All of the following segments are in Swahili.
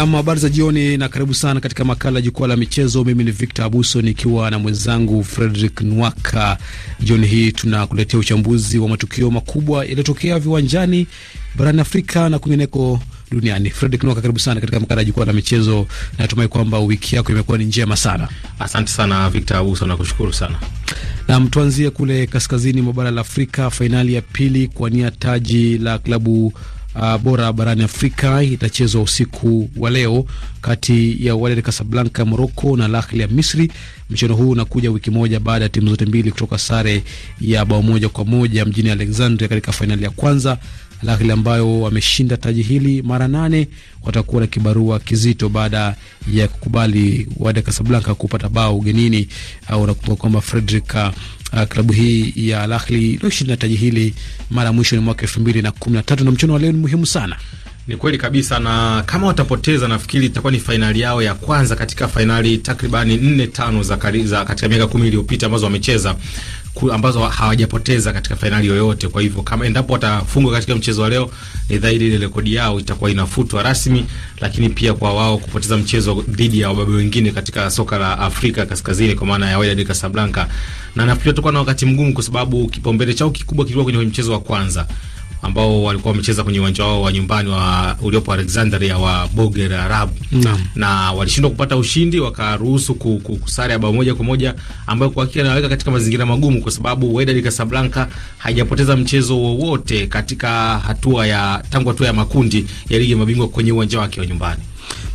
Nam, habari za jioni na karibu sana katika makala jukwaa la michezo. Mimi ni Victor Abuso nikiwa na mwenzangu Frederick Nwaka. Jioni hii tunakuletea uchambuzi wa matukio makubwa yaliyotokea viwanjani barani Afrika na kwingineko duniani. Fredrick Nwaka, karibu sana katika makala ya jukwaa la michezo. Natumai kwamba wiki yako imekuwa ni njema sana. Asante sana Victor Abuso, nakushukuru sana. Nam, tuanzie kule kaskazini mwa bara la Afrika. Fainali ya pili kuwania taji la klabu uh, bora barani Afrika itachezwa usiku wa leo kati ya Wydad Casablanca ya Morocco na Al Ahly ya Misri. Mchezo huu unakuja wiki moja baada ya timu zote mbili kutoka sare ya bao moja kwa moja mjini Alexandria katika fainali ya kwanza. Al Ahly ambayo wameshinda taji hili mara nane watakuwa na kibarua kizito baada ya kukubali Wydad Casablanca kupata bao ugenini. Au unakumbuka kwamba Frederick, uh, uh klabu hii ya Al Ahly iliyoshinda taji hili mara mwisho ni mwaka elfu mbili na kumi na tatu na mchezo wa leo ni muhimu sana. Ni kweli kabisa, na kama watapoteza, nafikiri itakuwa ni fainali yao ya kwanza katika fainali takribani nne tano za, kariza, katika miaka kumi iliyopita ambazo wamecheza ambazo hawajapoteza katika fainali yoyote. Kwa hivyo kama endapo watafungwa katika mchezo wa leo, ni dhahiri ile rekodi yao itakuwa inafutwa rasmi, lakini pia kwa wao kupoteza mchezo dhidi ya wababe wengine katika soka la Afrika Kaskazini, kwa maana ya Wydad Casablanca, na nafikiri tutakuwa na wakati mgumu, kwa sababu kipaumbele chao kikubwa kilikuwa kwenye mchezo wa kwanza ambao walikuwa wamecheza kwenye uwanja wao wa nyumbani wa uliopo Alexandria wa Boger Arab na, na walishindwa kupata ushindi, wakaruhusu kusare bao moja kwa moja, ambayo kwa hakika inaweka katika mazingira magumu, kwa sababu Wydad Casablanca haijapoteza mchezo wowote katika hatua ya tangu hatua ya makundi ya ligi ya mabingwa kwenye uwanja wake wa nyumbani.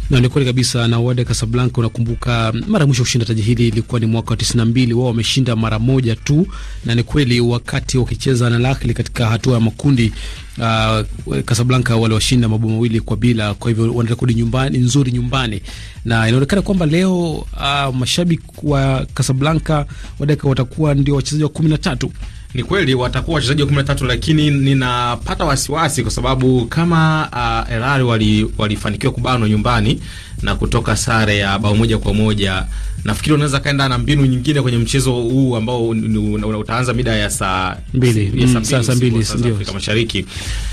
Na ni kweli kabisa, na Wade Casablanca, unakumbuka mara mwisho kushinda taji hili ilikuwa ni mwaka wa mbili. Wao wameshinda mara moja tu, na ni kweli wakati wakicheza na Al katika hatua ya makundi uh, Casablanca waliwashinda mabao mawili kwa bila. Kwa hivyo wanarekodi nyumbani nzuri nyumbani, na inaonekana kwamba leo uh, mashabiki wa Casablanca Wadeka watakuwa ndio wachezaji wa kumi tatu ni kweli watakuwa wachezaji wa 13 lakini ninapata wasiwasi kwa sababu kama uh, walifanikiwa wali, walifanikiwa kubanwa nyumbani na kutoka sare ya bao moja kwa moja, nafikiri wanaweza kaenda na mbinu nyingine kwenye mchezo huu ambao utaanza mida ya saa mbili mm, saa mbili Afrika Mashariki.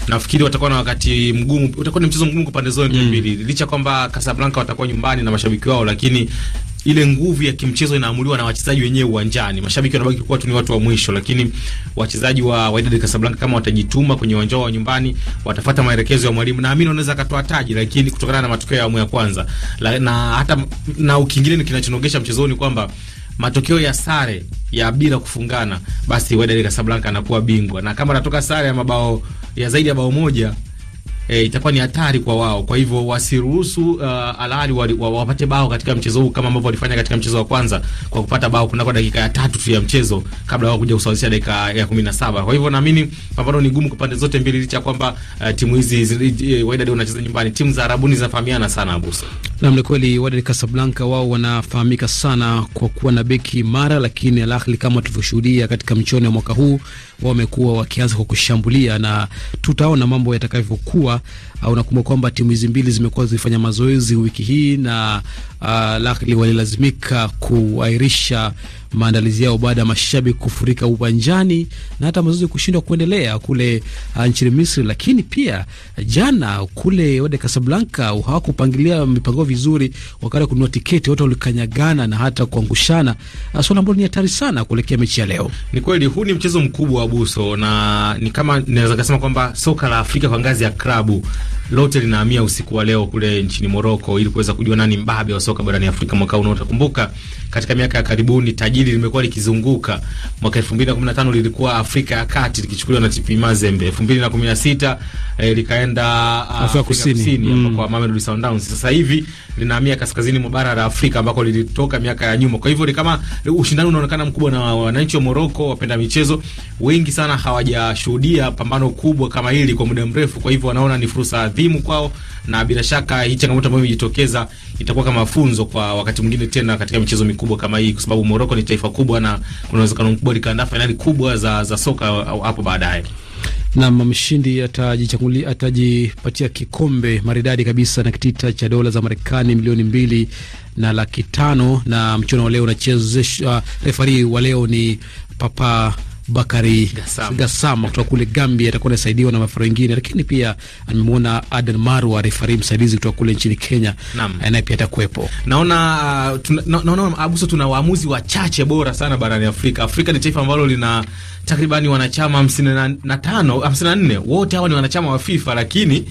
Nafikiri watakuwa na wakati mgumu, utakuwa ni mchezo mgumu kwa pande zote mm. mbili, licha kwamba Casablanca watakuwa nyumbani na mashabiki wao, lakini ile nguvu ya kimchezo inaamuliwa na wachezaji wenyewe uwanjani. Mashabiki wanabaki kuwa tu ni watu wa mwisho, lakini wachezaji wa Wydad Casablanca kama watajituma kwenye uwanja wa nyumbani, watafuata maelekezo ya mwalimu, naamini wanaweza katoa taji, lakini kutokana na matokeo ya awamu ya kwanza la, na hata na ukingine kinachonogesha mchezoni kwamba matokeo ya sare ya bila kufungana, basi Wydad Casablanca anakuwa bingwa, na kama anatoka sare ya mabao ya zaidi ya bao moja e, itakuwa ni hatari kwa wao. Kwa hivyo wasiruhusu uh, Alali wapate bao katika mchezo huu kama ambavyo walifanya katika mchezo wa kwanza kwa kupata bao kunako dakika ya tatu tu ya mchezo kabla wao kuja kusawazisha dakika ya 17. Kwa hivyo naamini pambano ni gumu kwa pande zote mbili licha kwamba uh, timu hizi uh, eh, waida ndio wanacheza nyumbani. Timu za Arabuni zinafahamiana sana abusa. Nam, ni kweli Wydad Casablanca wao wanafahamika sana kwa kuwa na beki imara, lakini Al Ahly kama tulivyoshuhudia katika mchuano ya mwaka huu, wao wamekuwa wakianza kwa kushambulia na tutaona mambo yatakavyokuwa. Uh, unakumbuka kwamba timu hizi mbili zimekuwa zikifanya mazoezi wiki hii na uh, Al Ahly walilazimika kuairisha maandalizi yao baada ya mashabiki kufurika uwanjani na hata mazoezi kushindwa kuendelea kule uh, nchini Misri. Lakini pia uh, jana kule Wydad Casablanca hawakupangilia mipango vizuri, wakati wa kununua tiketi watu walikanyagana na hata kuangushana, uh, swala ambalo ni hatari sana kuelekea mechi ya leo. Ni kweli huu ni mchezo mkubwa wa buso, na ni kama naweza kusema kwamba soka la Afrika kwa ngazi ya klabu lote linahamia usiku wa leo kule nchini Morocco ili kuweza kujua nani mbabe wa soka barani Afrika mwaka huu. Utakumbuka katika miaka ya karibuni tajiri hili limekuwa likizunguka. Mwaka 2015 lilikuwa Afrika ya Kati likichukuliwa na TP Mazembe, 2016 eh, likaenda ah, Afrika Kusini, kusini mm. kwa Mamelodi Sundowns. Sasa hivi linahamia kaskazini mwa bara la Afrika ambako lilitoka miaka ya nyuma. Kwa hivyo ni kama ushindani unaonekana mkubwa, na wananchi wa Morocco, wapenda michezo wengi sana hawajashuhudia pambano kubwa kama hili kwa muda mrefu. Kwa hivyo wanaona ni fursa adhimu kwao na bila shaka hii changamoto ambayo imejitokeza itakuwa kama funzo kwa wakati mwingine tena katika michezo mikubwa kama hii, kwa sababu Morocco ni taifa kubwa na kuna uwezekano mkubwa likaandaa fainali kubwa za, za soka hapo baadaye. Nam mshindi atajipatia kikombe maridadi kabisa na kitita cha dola za Marekani milioni mbili na laki tano. Na mchuano wa leo unachezeshwa, refari wa leo ni Papa Bakari Gasama kutoka kule Gambia atakuwa anasaidiwa na mafara wengine, lakini pia amemwona Aden Marwa, refari msaidizi kutoka kule nchini Kenya, eh, naye pia atakuwepo. Naona uh, tuna, naona Abuso, tuna waamuzi wachache bora sana barani Afrika. Afrika ni taifa ambalo lina takribani wanachama na nne wote hawa ni wanachama wa FIFA lakini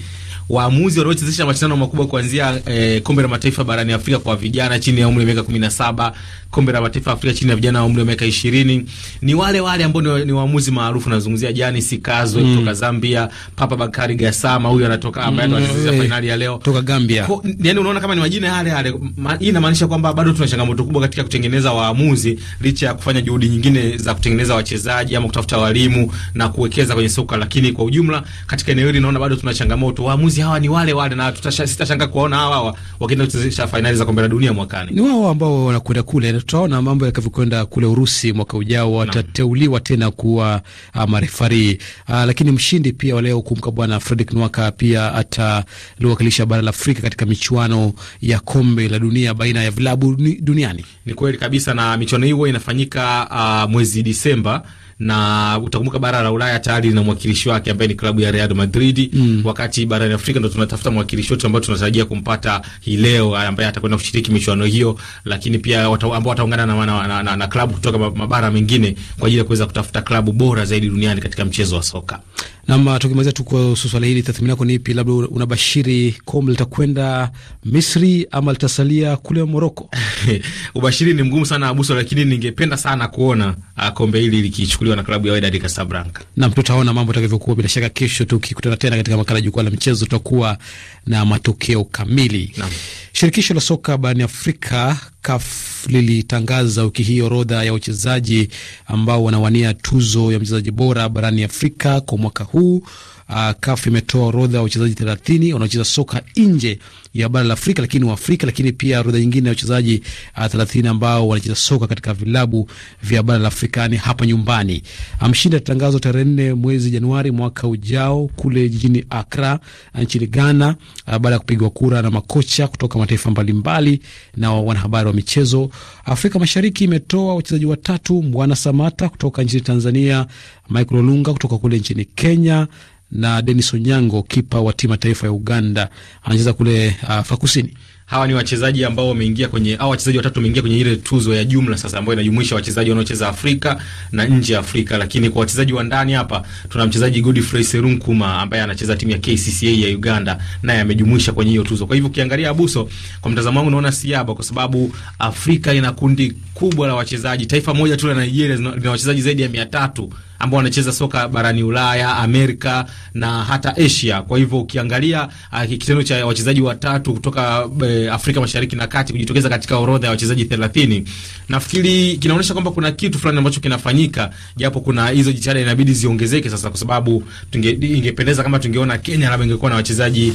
waamuzi waliochezesha mashindano makubwa kuanzia eh, kombe la mataifa barani Afrika kwa vijana chini ya umri wa miaka kumi na saba, kombe la mataifa Afrika chini ya vijana wa umri wa miaka ishirini ni wale wale ambao ni, ni waamuzi maarufu. Nazungumzia Jani Sikazo mm. kutoka Zambia, Papa Bakari Gasama, huyu anatoka ambaye mm, anachezesha fainali ya leo kutoka Gambia. yani unaona kama ni majina yale yale. Ma, hii inamaanisha kwamba bado tuna changamoto kubwa katika kutengeneza waamuzi licha ya kufanya juhudi nyingine za kutengeneza wachezaji ama kutafuta walimu na kuwekeza kwenye soka, lakini kwa ujumla katika eneo hili naona bado tuna changamoto waamuzi hawa ni wale wale, na tutashangaa kuwaona hawa wakienda kuchezesha fainali za kombe la dunia mwakani. Ni wao ambao wanakwenda kule, na tutaona mambo yakavyokwenda kule Urusi mwaka ujao, watateuliwa tena kuwa ah, marefari. Ah, lakini mshindi pia waleo kumka bwana Fredrick Nwaka pia ataliwakilisha bara la Afrika katika michuano ya kombe la dunia baina ya vilabu duniani. Ni kweli kabisa, na michuano hiyo inafanyika uh, mwezi Disemba na utakumbuka bara la Ulaya tayari lina mwakilishi wake ambaye ni klabu ya Real Madrid mm. Wakati barani Afrika ndo tunatafuta mwakilishi wetu ambao tunatarajia kumpata hii leo eh, ambaye atakwenda kushiriki michuano hiyo, lakini pia ambao wataungana na, na, na, na, na klabu kutoka mabara mengine kwa ajili ya kuweza kutafuta klabu bora zaidi duniani katika mchezo wa soka. Nam, tukimaliza tu kuhusu swala hili, tathmini yako ni ipi? Labda unabashiri kombe litakwenda Misri ama litasalia kule Moroko? Ubashiri ni mgumu sana Abuso, lakini ningependa sana kuona ah, kombe hili likichukuliwa kuchukuliwa na klabu ya Wydad Casablanca. Naam, tutaona mambo yatakavyokuwa. bila shaka kesho tukikutana tena katika makala jukwaa la mchezo tutakuwa na matokeo kamili. Naam. Shirikisho la soka barani Afrika CAF lilitangaza wiki hii orodha ya wachezaji ambao wanawania tuzo ya mchezaji bora barani Afrika kwa mwaka huu. Uh, CAF imetoa orodha ya wachezaji 30 wanaocheza soka nje ya bara la Afrika lakini wa Afrika, lakini pia orodha nyingine ya wachezaji uh, ah, 30 ambao wanacheza soka katika vilabu vya bara la Afrika yani hapa nyumbani. Mshindi atatangazwa tarehe 4 mwezi Januari mwaka ujao kule jijini Accra ah, nchini Ghana, uh, baada ya kupigwa kura na makocha kutoka mataifa mbalimbali na wanahabari wa michezo Afrika Mashariki imetoa wachezaji watatu, Mbwana Samata kutoka nchini Tanzania, Michael Olunga kutoka kule nchini Kenya na Denis Onyango, kipa wa timu ya taifa ya Uganda, anacheza kule uh, Afrika Kusini hawa ni wachezaji ambao wameingia kwenye au wachezaji watatu wameingia kwenye ile tuzo ya jumla sasa ambayo inajumuisha wachezaji wanaocheza Afrika na nje ya Afrika. Lakini kwa wachezaji wa ndani hapa tuna mchezaji Godfrey Serunkuma ambaye anacheza timu ya KCCA ya Uganda, naye amejumuisha kwenye hiyo tuzo. Kwa hivyo ukiangalia Abuso, kwa mtazamo wangu naona siaba, kwa sababu Afrika ina kundi kubwa la wachezaji. Taifa moja tu la Nigeria lina wachezaji zaidi ya mia tatu ambao wanacheza soka barani Ulaya, Amerika na hata Asia. Kwa hivyo ukiangalia uh, kitendo cha wachezaji watatu kutoka uh, Afrika Mashariki na Kati kujitokeza katika orodha ya wachezaji 30 nafikiri kinaonyesha kwamba kuna kitu fulani ambacho kinafanyika, japo kuna hizo jitihada inabidi ziongezeke sasa, kwa sababu ingependeza kama tungeona Kenya labda ingekuwa na wachezaji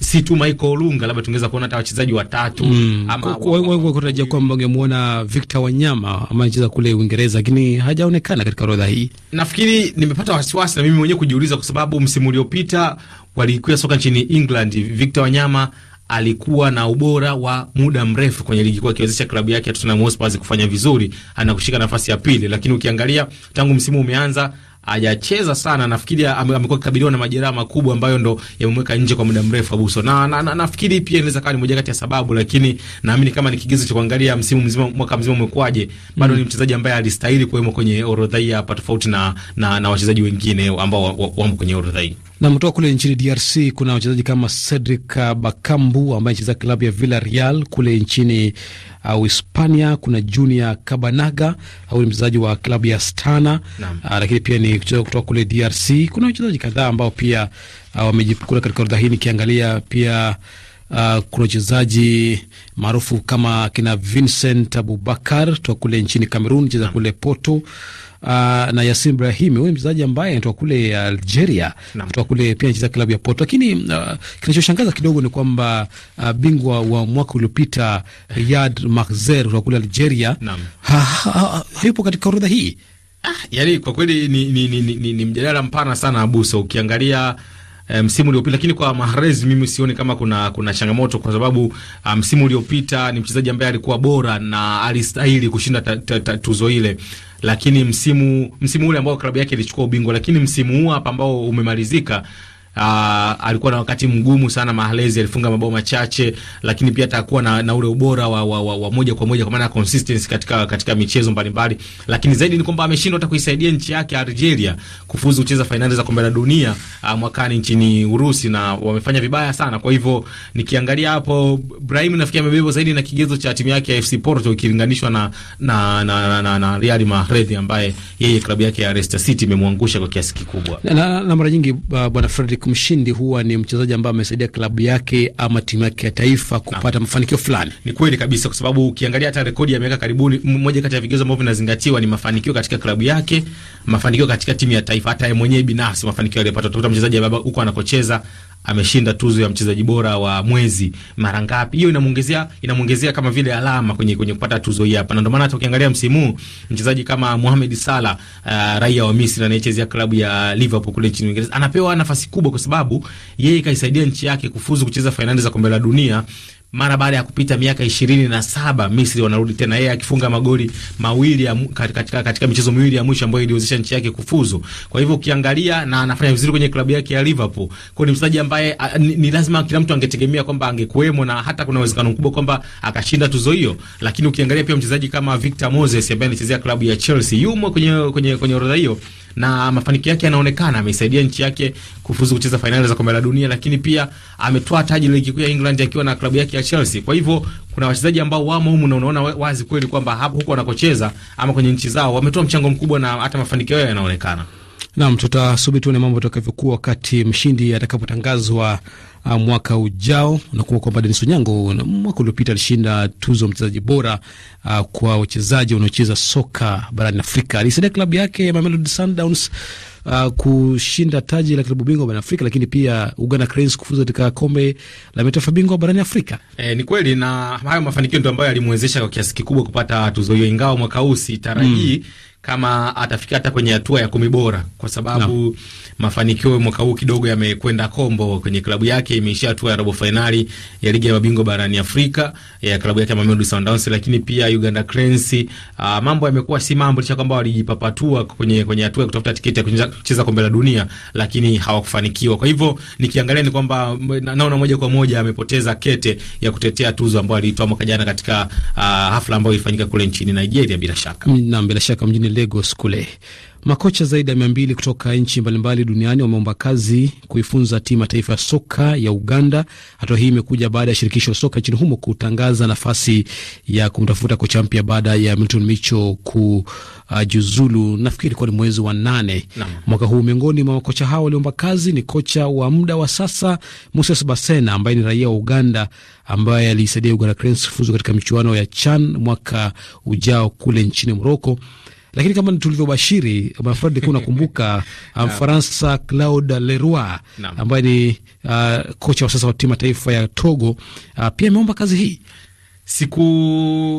si tu Michael Olunga, labda tungeweza kuona hata wachezaji watatu mm. ama wewe kutarajia kwamba ungemuona Victor Wanyama ama anacheza kule Uingereza, lakini hajaonekana katika orodha hii. Nafikiri nimepata wasiwasi na mimi mwenyewe kujiuliza, kwa sababu msimu uliopita walikuwa soka nchini England, Victor Wanyama alikuwa na ubora wa muda mrefu kwenye ligi kuu akiwezesha klabu yake ya Tottenham Hotspur kufanya vizuri, anakushika nafasi ya pili, lakini ukiangalia tangu msimu umeanza hajacheza sana, nafikiri amekuwa akikabiliwa na majeraha makubwa ambayo ndo yamemweka nje kwa muda mrefu Abuso, na, na, na nafikiri pia inaweza kawa ni moja kati ya sababu, lakini naamini kama ni kigezo cha kuangalia msimu mzima, mwaka mzima umekuwaje, bado ni mm. mchezaji ambaye alistahili kuwemo kwenye orodha hii hapa, tofauti na, na, na wachezaji wengine ambao wamo kwenye orodha hii na mtoka kule nchini DRC kuna wachezaji kama Cedric uh, Bakambu ambaye anacheza klabu ya Villarreal kule nchini Uh, Hispania kuna Junior kabanaga au uh, ni mchezaji wa klabu ya Astana, uh, lakini pia ni kucheza kutoka kule DRC. Kuna wachezaji kadhaa ambao pia wamejipukula katika orodha hii, nikiangalia pia Uh, kuna wachezaji maarufu kama kina Vincent Abubakar toka kule nchini Cameroon, cheza kule Porto uh, na Yasin Brahimi. Huyu ni mchezaji ambaye anatoka kule Algeria, kutoka kule pia anacheza klabu ya Porto. Lakini uh, kinachoshangaza kidogo ni kwamba uh, bingwa wa mwaka uliopita Riyad Mahrez kutoka kule Algeria hayupo katika orodha hii. Ah, yani kwa kweli ni, ni, ni, ni, ni mjadala mpana sana Abuso, ukiangalia Eh, msimu um, uliopita, lakini kwa Mahrez mimi sioni kama kuna kuna changamoto kwa sababu ah, msimu um, uliopita ni mchezaji ambaye alikuwa bora na alistahili kushinda ta, ta, ta, tuzo ile, lakini msimu msimu ule ambao klabu yake ilichukua ubingwa, lakini msimu huu hapa ambao umemalizika Uh, alikuwa na wakati mgumu sana Mahlezi, alifunga mabao machache, lakini pia atakuwa na, na ule ubora wa, wa, wa, wa moja kwa moja kwa maana ya consistency katika, katika michezo mbalimbali, lakini zaidi ni kwamba ameshindwa hata kuisaidia nchi yake Algeria kufuzu kucheza fainali za kombe la dunia uh, mwakani nchini Urusi, na wamefanya vibaya sana. Kwa hivyo nikiangalia hapo, Brahim nafikiri amebebwa zaidi na kigezo cha timu yake ya FC Porto ikilinganishwa na, na, na, na, na, na Real Madrid ambaye yeye klabu yake ya Leicester City imemwangusha kwa kiasi kikubwa na, na, na mara nyingi uh, bwana Fredrick Patrick Mshindi huwa ni mchezaji ambaye amesaidia klabu yake ama timu yake ya taifa kupata mafanikio fulani. Ni kweli kabisa, kwa sababu ukiangalia hata rekodi ya miaka karibuni, mmoja kati ya vigezo ambavyo vinazingatiwa ni mafanikio katika klabu yake, mafanikio katika timu ya taifa, hata yeye mwenyewe binafsi mafanikio aliyopata. Utakuta mchezaji baba huko anakocheza ameshinda tuzo ya mchezaji bora wa mwezi mara ngapi? Hiyo inamuongezea inamuongezea kama vile alama kwenye kwenye kupata tuzo hii hapa, na ndio maana hata ukiangalia msimu mchezaji kama Mohamed Salah, uh, raia wa Misri anayechezea klabu ya Liverpool kule nchini Uingereza, anapewa nafasi kubwa kwa sababu yeye kaisaidia nchi yake kufuzu kucheza fainali za kombe la dunia mara baada ya kupita miaka ishirini na saba Misri wanarudi tena, yeye akifunga magoli mawili ya, katika, katika michezo miwili ya mwisho ambayo iliwezesha nchi yake kufuzu. Kwa hivyo ukiangalia, na anafanya vizuri kwenye klabu yake ya Liverpool, kwa ni mchezaji ambaye ni, ni lazima kila mtu angetegemea kwamba angekuwemo na hata kuna uwezekano mkubwa kwamba akashinda tuzo hiyo. Lakini ukiangalia pia mchezaji kama Victor Moses ambaye anachezea klabu ya Chelsea yumo kwenye kwenye kwenye orodha hiyo na mafanikio yake yanaonekana. Ameisaidia nchi yake kufuzu kucheza fainali za kombe la dunia, lakini pia ametoa taji ligi kuu ya England akiwa na klabu yake ya Chelsea. Kwa hivyo kuna wachezaji ambao wamo humu na unaona wazi kweli kwamba hapo huko wanakocheza ama kwenye nchi zao wametoa mchango mkubwa na hata mafanikio yao yanaonekana. Naam, tutasubiri tuone mambo yatakavyokuwa wakati mshindi atakapotangazwa uh, mwaka ujao. Nakumbuka kwamba Denis Onyango mwaka uliopita alishinda tuzo mchezaji bora uh, kwa wachezaji wanaocheza soka barani Afrika. Alisaidia klabu yake ya Mamelodi Sundowns Uh, kushinda taji la klabu bingwa barani Afrika, lakini pia Uganda Cranes kufuza katika kombe la mataifa bingwa barani Afrika. E, ni kweli na hayo mafanikio ndio ambayo yalimwezesha kwa kiasi kikubwa kupata tuzo hiyo, ingawa mwaka huu sitarajii hmm. mm kama atafika hata kwenye hatua ya kumi bora, kwa sababu no. mafanikio mwaka huu kidogo yamekwenda kombo kwenye klabu yake. Imeishia hatua ya robo fainali ya ligi ya mabingwa barani Afrika ya klabu yake ya Mamelodi Sundowns, lakini pia Uganda Cranes. Uh, mambo yamekuwa si mambo, licha kwamba walijipapatua kwenye kwenye hatua ya kutafuta tiketi ya kucheza kombe la dunia, lakini hawakufanikiwa. Kwa hivyo nikiangalia ni kwamba naona moja kwa moja amepoteza kete ya kutetea tuzo ambayo alitoa mwaka jana katika uh, hafla ambayo ilifanyika kule nchini Nigeria, bila shaka na bila shaka mjini Lagos kule. Makocha zaidi ya mia mbili kutoka nchi mbalimbali duniani wameomba kazi kuifunza timu ya taifa ya soka ya Uganda. Hatua hii imekuja baada ya shirikisho la soka nchini humo kutangaza nafasi ya kumtafuta kocha mpya baada ya Milton Micho kujiuzulu, uh, nafikiri ilikuwa ni mwezi wa nane na mwaka huu. Miongoni mwa makocha hao walioomba kazi ni kocha wa muda wa sasa Moses Basena ambaye ni raia wa Uganda ambaye aliisaidia Uganda Cranes kufuzu katika michuano ya CHAN mwaka ujao kule nchini Moroko lakini kama tulivyobashiri, kuu nakumbuka Mfaransa um, Claude Leroy ambaye ni uh, kocha wa sasa wa timu taifa ya Togo uh, pia ameomba kazi hii. Siku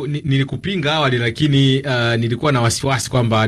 nilikupinga awali, lakini uh, nilikuwa na wasiwasi kwamba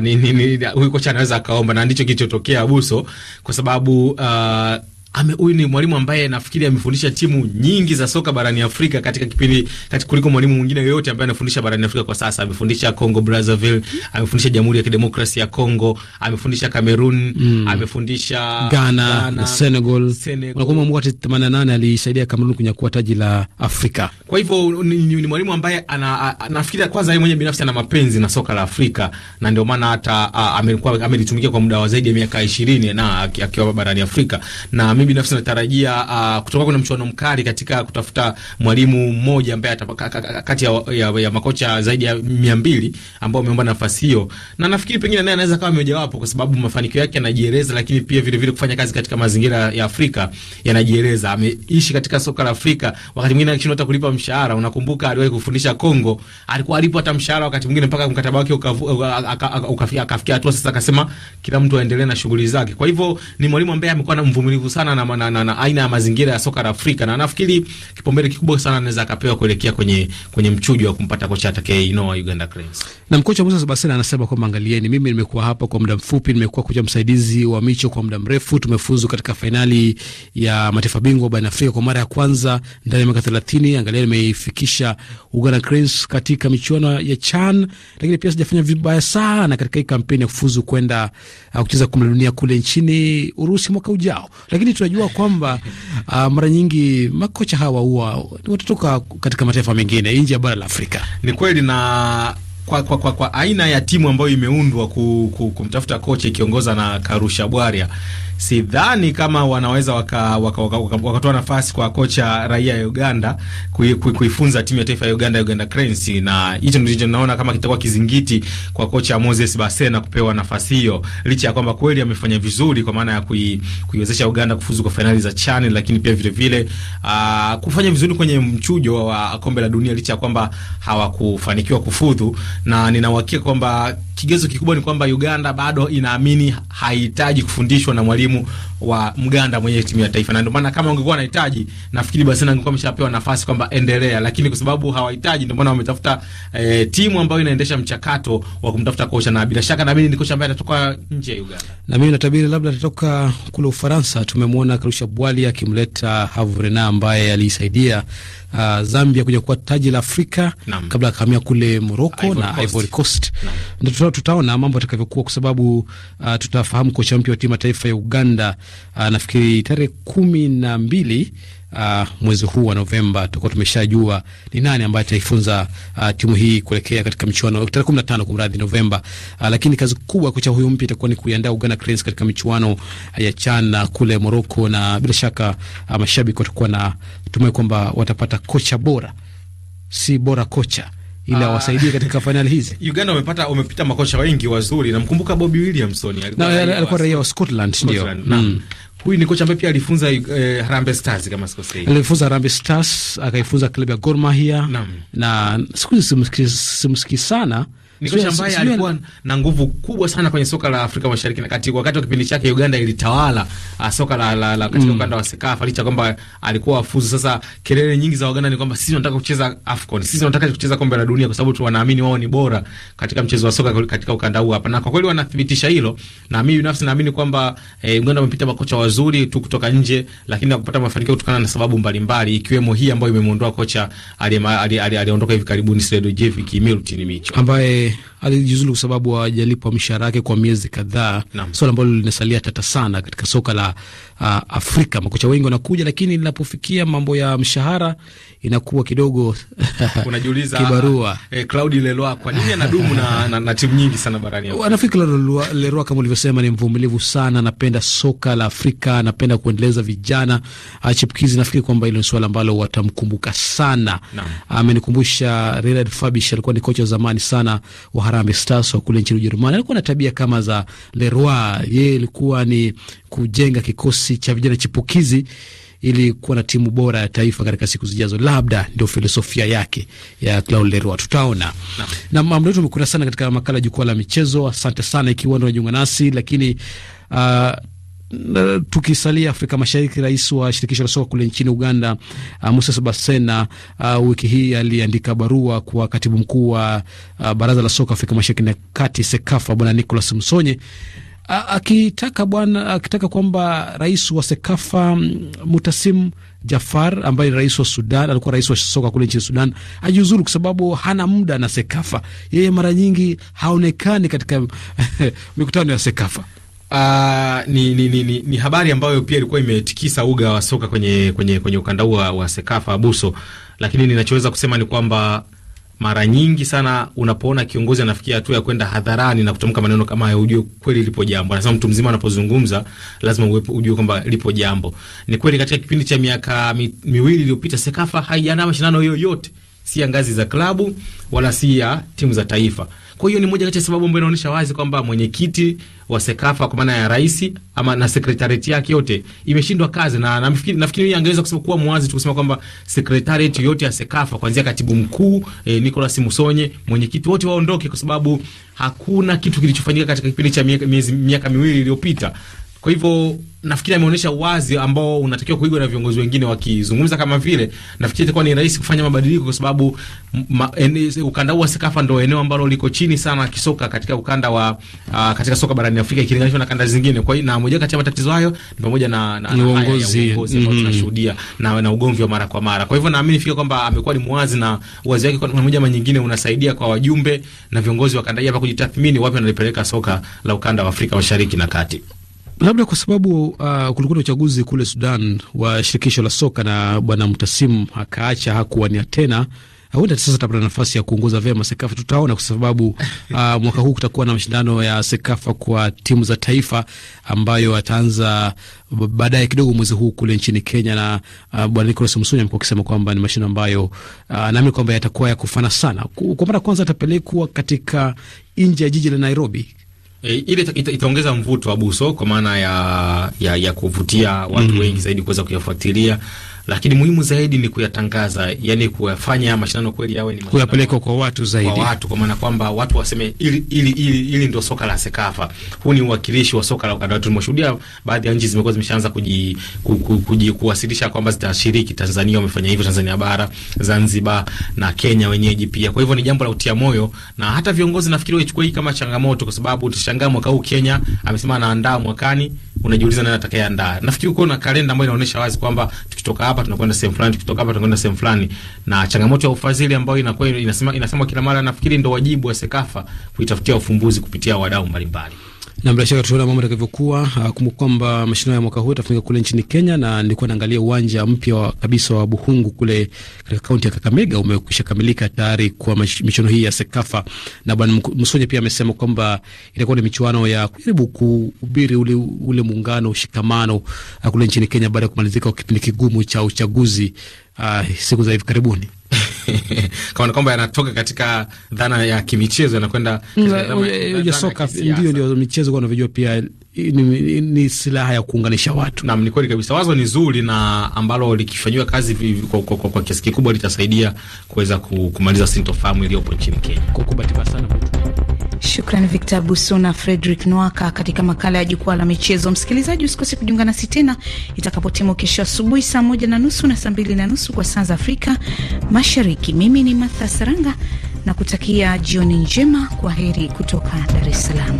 huyu kocha anaweza akaomba, na ndicho kilichotokea buso kwa sababu uh, huyu ni mwalimu ambaye nafikiri amefundisha timu nyingi za soka barani Afrika katika kipindi kati kuliko mwalimu mwingine yoyote ambaye anafundisha barani Afrika kwa sasa. Amefundisha Congo Brazzaville, amefundisha Jamhuri ya Kidemokrasia ya Congo, amefundisha Cameroon, mm. amefundisha Ghana, Ghana, Senegal. Senegal. Mwaka 88 alisaidia Cameroon kunyakua taji la Afrika. Kwa hivyo ni, ni, ni mwalimu ambaye ana, nafikiri kwanza yeye mwenyewe binafsi ana mapenzi na soka la Afrika na ndio maana hata amelikuwa amelitumikia kwa muda wa zaidi ya miaka 20 na akiwa barani Afrika na mimi binafsi natarajia uh, ah, kutoka kuna mchuano mkali katika kutafuta mwalimu mmoja ambaye kati ya, ya, ya makocha zaidi ya mia mbili ambao wameomba nafasi hiyo, na nafikiri pengine naye anaweza kama mmojawapo, kwa sababu mafanikio yake yanajieleza, lakini pia vile vile kufanya kazi katika mazingira ya Afrika yanajieleza. Ameishi katika soka la Afrika, wakati mwingine akishindwa hata kulipa mshahara. Unakumbuka aliwahi kufundisha Kongo, alikuwa alipo hata mshahara wakati mwingine mpaka mkataba wake ukafikia hatua sasa akasema kila mtu aendelee na shughuli zake. Kwa hivyo ni mwalimu ambaye amekuwa na mvumilivu sana kutokana na, na, na, na aina ya mazingira ya soka la Afrika, na nafikiri kipaumbele kikubwa sana anaweza akapewa kuelekea kwenye kwenye mchujo wa kumpata kocha atakayeinua Uganda Cranes. Na mkocha Musa Sebastian anasema kwamba angalieni, mimi nimekuwa hapa kwa muda mfupi, nimekuwa kocha msaidizi wa Micho kwa muda mrefu, tumefuzu katika fainali ya mataifa bingwa barani Afrika kwa mara ya kwanza ndani ya miaka 30. Angalia nimeifikisha Uganda Cranes katika michuano ya CHAN, lakini pia sijafanya vibaya sana katika hii kampeni ya kufuzu kwenda uh, kucheza kombe la dunia kule nchini Urusi mwaka ujao, lakini tunajua kwamba uh, mara nyingi makocha hawa huwa watatoka katika mataifa mengine nje ya bara la Afrika. Ni kweli na kwa, kwa, kwa, kwa aina ya timu ambayo imeundwa kumtafuta ku, ku kocha ikiongoza na Karusha Bwaria sidhani kama wanaweza wakatoa waka, waka, waka, waka nafasi kwa kocha raia ya Uganda kuifunza timu ya taifa ya Uganda, Uganda Cranes, na hicho ndicho naona kama kitakuwa kizingiti kwa kocha Moses Basena kupewa nafasi hiyo, licha ya kwamba kweli amefanya vizuri kwa maana ya kuiwezesha Uganda kufuzu kwa fainali za CHAN, lakini pia vilevile vile ah, kufanya vizuri kwenye mchujo wa kombe la dunia, licha ya kwamba hawakufanikiwa kufuzu, na ninauhakika kwamba kigezo kikubwa ni kwamba Uganda bado inaamini haihitaji kufundishwa na mwalimu mwalimu wa Mganda mwenye timu ya taifa, na ndio maana kama ungekuwa anahitaji, nafikiri Barcelona angekuwa ameshapewa nafasi kwamba endelea, lakini kwa sababu hawahitaji, ndio maana wametafuta e, timu ambayo inaendesha mchakato wa kumtafuta kocha, na bila shaka naamini ni kocha ambaye atatoka nje ya Uganda, na mimi natabiri labda atatoka kule Ufaransa. Tumemwona Karusha Bwali akimleta Havrena ambaye aliisaidia uh, ah, Zambia kuja kuwa taji la Afrika Nam. kabla akahamia kule Morocco na Ivory Coast ndio tutaona mambo atakavyokuwa, kwa sababu uh, tutafahamu kocha mpya wa timu ya taifa ya Uganda Uganda. Uh, nafikiri tarehe kumi na mbili uh, mwezi huu wa Novemba tutakuwa tumeshajua ni nani ambaye ataifunza uh, timu hii kuelekea katika michuano tarehe kumi na 15 kumradhi Novemba. Uh, lakini kazi kubwa kocha huyu mpya itakuwa ni kuiandaa Uganda Cranes katika michuano uh, ya CHAN kule Moroko, na bila shaka uh, mashabiki watakuwa na tumai kwamba watapata kocha bora, si bora kocha ili awasaidie ah. katika fainali hizi. Uganda wamepata wamepita makocha wengi wazuri, namkumbuka Bobby Williamson alikuwa raia wa Scotland, ndio mm. huyu ni kocha ambaye pia alifunza eh, Harambee Stars kama sikosei, alifunza Harambee Stars akaifunza klabu ya Gor Mahia na, na siku hizi simsikii sana ni kocha ambaye alikuwa na nguvu kubwa sana kwenye soka la Afrika Mashariki na Kati. Wakati wa kipindi chake Uganda ilitawala uh, soka la, la, la katika mm. ukanda wa Sekafa licha kwamba alikuwa afuzu. Sasa kelele nyingi za Waganda ni kwamba sisi tunataka kucheza AFCON, sisi tunataka kucheza kombe la dunia kwa sababu tunaamini wao ni bora katika mchezo wa soka katika ukanda huu hapa, na kwa kweli wanathibitisha hilo, na mimi binafsi naamini kwamba eh, Uganda wamepita makocha wazuri tu kutoka nje, lakini hakupata mafanikio kutokana na sababu mbalimbali, ikiwemo hii ambayo imemuondoa kocha aliyeondoka hivi karibuni Sredojevic Milutin Micho ambaye de alijiuzulu kwa sababu hawajalipwa mishahara yake kwa miezi kadhaa, swala ambalo linasalia tata sana katika soka la uh, Afrika. Makocha wengi wanakuja, lakini linapofikia mambo ya mshahara inakuwa kidogo unajiuliza kibarua. Eh, Claude Leroy kwa nini anadumu na, na, na timu nyingi sana barani Afrika? Nafikiri Claude Leroy kama ulivyosema, ni mvumilivu sana, anapenda soka la Afrika, anapenda kuendeleza vijana ah, chipukizi. Nafikiri kwamba hilo ni swala ambalo watamkumbuka sana. Amenikumbusha uh, Fabish alikuwa ni kocha zamani sana wa Harambe Stars wa kule nchini Ujerumani. Alikuwa na tabia kama za Leroy, yeye ilikuwa ni kujenga kikosi cha vijana chipukizi ili kuwa na timu bora ya taifa katika siku zijazo. Labda ndio filosofia yake ya Claude Leroy, tutaona. Na mambo yetu umekura sana katika makala ya jukwaa la michezo. Asante sana ikiwa ndio unajiunga nasi, lakini uh, Uh, tukisalia Afrika Mashariki, rais wa shirikisho la soka kule nchini Uganda uh, Moses Basena uh, wiki hii aliandika barua kwa katibu mkuu wa uh, baraza la soka Afrika Mashariki na Kati Sekafa bwana Nicolas Msonye uh, akitaka bwana akitaka kwamba rais wa Sekafa mm, Mutasim Jafar ambaye ni rais wa Sudan, alikuwa rais wa soka kule nchini Sudan, ajiuzuru kwa sababu hana muda na Sekafa. Yeye mara nyingi haonekani katika mikutano ya Sekafa. Uh, ni, ni, ni, ni habari ambayo pia ilikuwa imetikisa uga wa soka kwenye, kwenye, kwenye ukanda huu wa Sekafa Abuso, lakini ninachoweza kusema ni kwamba mara nyingi sana unapoona kiongozi anafikia hatua ya kwenda hadharani na kutamka maneno kama hayo, ujue kweli lipo jambo. Anasema mtu mzima anapozungumza lazima ujue kwamba lipo jambo. Ni kweli katika kipindi cha miaka mi, miwili iliyopita Sekafa haijaandaa mashindano yoyote si ya ngazi za klabu wala si ya timu za taifa. Kwa hiyo ni moja kati ya sababu ambayo inaonyesha wazi kwamba mwenyekiti wa Sekafa kwa maana ya rais ama na sekretarieti yake yote imeshindwa kazi, na nafikiri nafikiri yeye angeweza kusema kuwa mwazi tu kusema kwamba sekretarieti yote ya Sekafa kuanzia katibu mkuu eh, Nicolas Musonye, mwenyekiti wote waondoke, kwa sababu hakuna kitu kilichofanyika katika kipindi cha miezi miaka miwili iliyopita. Kwa hivyo nafikiri ameonyesha wazi ambao unatakiwa kuigwa na viongozi wengine wakizungumza kama vile. Nafikiri itakuwa ni rahisi kufanya mabadiliko kwa sababu ukanda huu wa Sekafa ndo eneo ambalo liko chini sana kisoka katika ukanda wa uh, katika soka barani Afrika ikilinganishwa na kanda zingine. Kwa hiyo na moja kati ya matatizo hayo ni pamoja na na na uongozi ambao mm-hmm. tunashuhudia na na ugomvi wa mara kwa mara. Kwa hivyo naamini fika kwamba amekuwa ni mwazi na uwazi wake kwa moja ama nyingine unasaidia kwa wajumbe na viongozi wa kanda hii hapa kujitathmini wapi wanalipeleka soka la ukanda wa Afrika Mashariki na Kati labda kwa sababu uh, kulikuwa na uchaguzi kule Sudan wa shirikisho la soka na bwana Mtasimu akaacha hakuwania tena uh, huenda sasa tapata nafasi ya kuongoza vyema SEKAFA. Tutaona, kwa sababu uh, mwaka huu kutakuwa na mashindano ya SEKAFA kwa timu za taifa ambayo ataanza baadaye kidogo mwezi huu kule nchini Kenya, na uh, bwana Nicolas Msuni amekuwa akisema kwamba ni mashindano ambayo uh, naamini kwamba yatakuwa ya kufana sana. Kwa mara kwanza atapelekwa katika nje ya jiji la Nairobi E, ile ita, itaongeza mvuto wa Buso kwa maana ya, ya, ya kuvutia watu mm -hmm. wengi zaidi kuweza kuyafuatilia lakini muhimu zaidi ni kuyatangaza, yani kuyafanya mashindano kweli yawe ni kuyapeleka kwa watu zaidi, kwa watu, kwa maana kwamba watu waseme ili ili ili, ili ndio soka la Sekafa, huu ni uwakilishi wa soka la ukanda. Tumeshuhudia baadhi ya nchi zimekuwa zimeshaanza kuji, ku, ku, kuji kuwasilisha kwamba zitashiriki. Tanzania wamefanya hivyo, Tanzania bara, Zanzibar na Kenya wenyeji pia. Kwa hivyo ni jambo la kutia moyo, na hata viongozi nafikiri waichukue hii kama changamoto, kwa sababu tutashangaa mwaka huu Kenya amesema anaandaa mwakani unajiuliza nani atakayeandaa. Nafikiri uko na kalenda ambayo inaonyesha wazi kwamba tukitoka hapa tunakwenda sehemu fulani, tukitoka hapa tunakwenda sehemu fulani, na changamoto ya ufadhili ambayo inakuwa inasema inasema kila mara, nafikiri ndio wajibu wa Sekafa kuitafutia ufumbuzi kupitia wadau mbalimbali. Na bila shaka tutaona mambo yatakavyokuwa. Ah, kumbuka kwamba mashindano ya mwaka huu yatafanyika kule nchini Kenya, na nilikuwa naangalia uwanja mpya kabisa wa Buhungu kule katika kaunti ya Kakamega umekwisha kamilika tayari kwa michuano hii ya Sekafa, na Bwana Msonye pia amesema kwamba itakuwa ni michuano ya kujaribu kuhubiri ule, ule muungano ushikamano ah, kule nchini Kenya baada ya kumalizika kwa kipindi kigumu cha uchaguzi uh, siku za hivi karibuni. kama kwamba yanatoka katika dhana ya kimichezo yanakwenda mm, ya soka, ndio ndio michezo kwa unavyojua pia ni, ni silaha ya kuunganisha watu. Naam, ni kweli kabisa. Wazo ni zuri na ambalo likifanyiwa kazi kwa, kwa, kwa, kwa kiasi kikubwa litasaidia kuweza kumaliza sintofahamu iliyopo nchini Kenya. Shukran Victor Buso na Fredrick Nwaka katika makala ya jukwaa la michezo. Msikilizaji, usikose kujiunga nasi tena itakapotimu kesho asubuhi saa moja na nusu na saa mbili na nusu kwa saa za Afrika Mashariki. Mimi ni Martha Saranga na kutakia jioni njema. Kwa heri kutoka Dar es Salaam.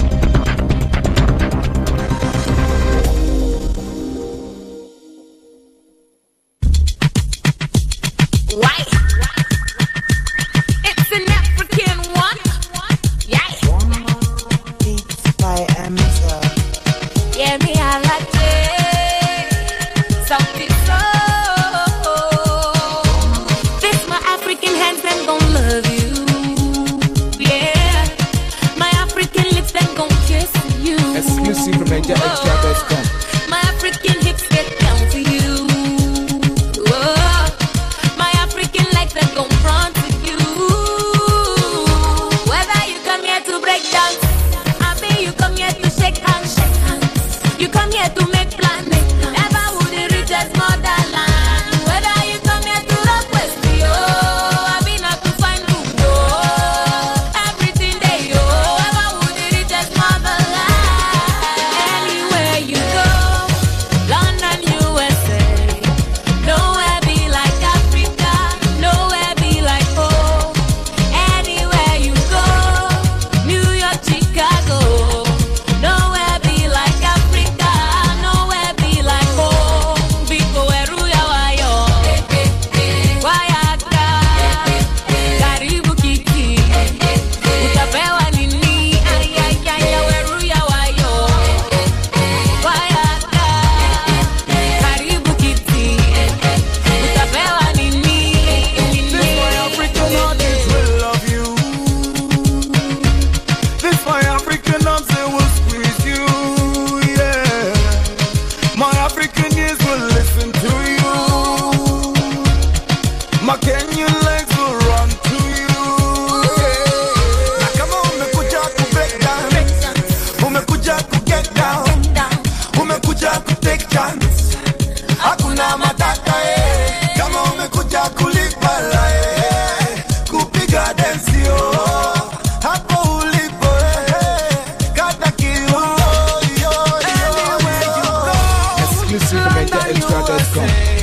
Welcome.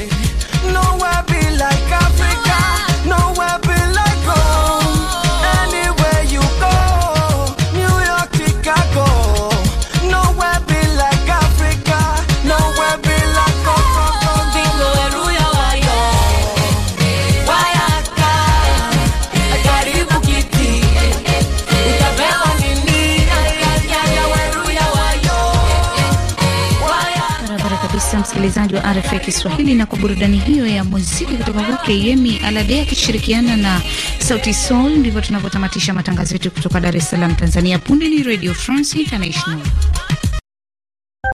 RFI Kiswahili na kwa burudani hiyo ya muziki kutoka kwake Yemi Alade akishirikiana na Sauti Sol, ndivyo tunavyotamatisha matangazo yetu kutoka Dar es Salaam, Tanzania. Punde ni Radio France International.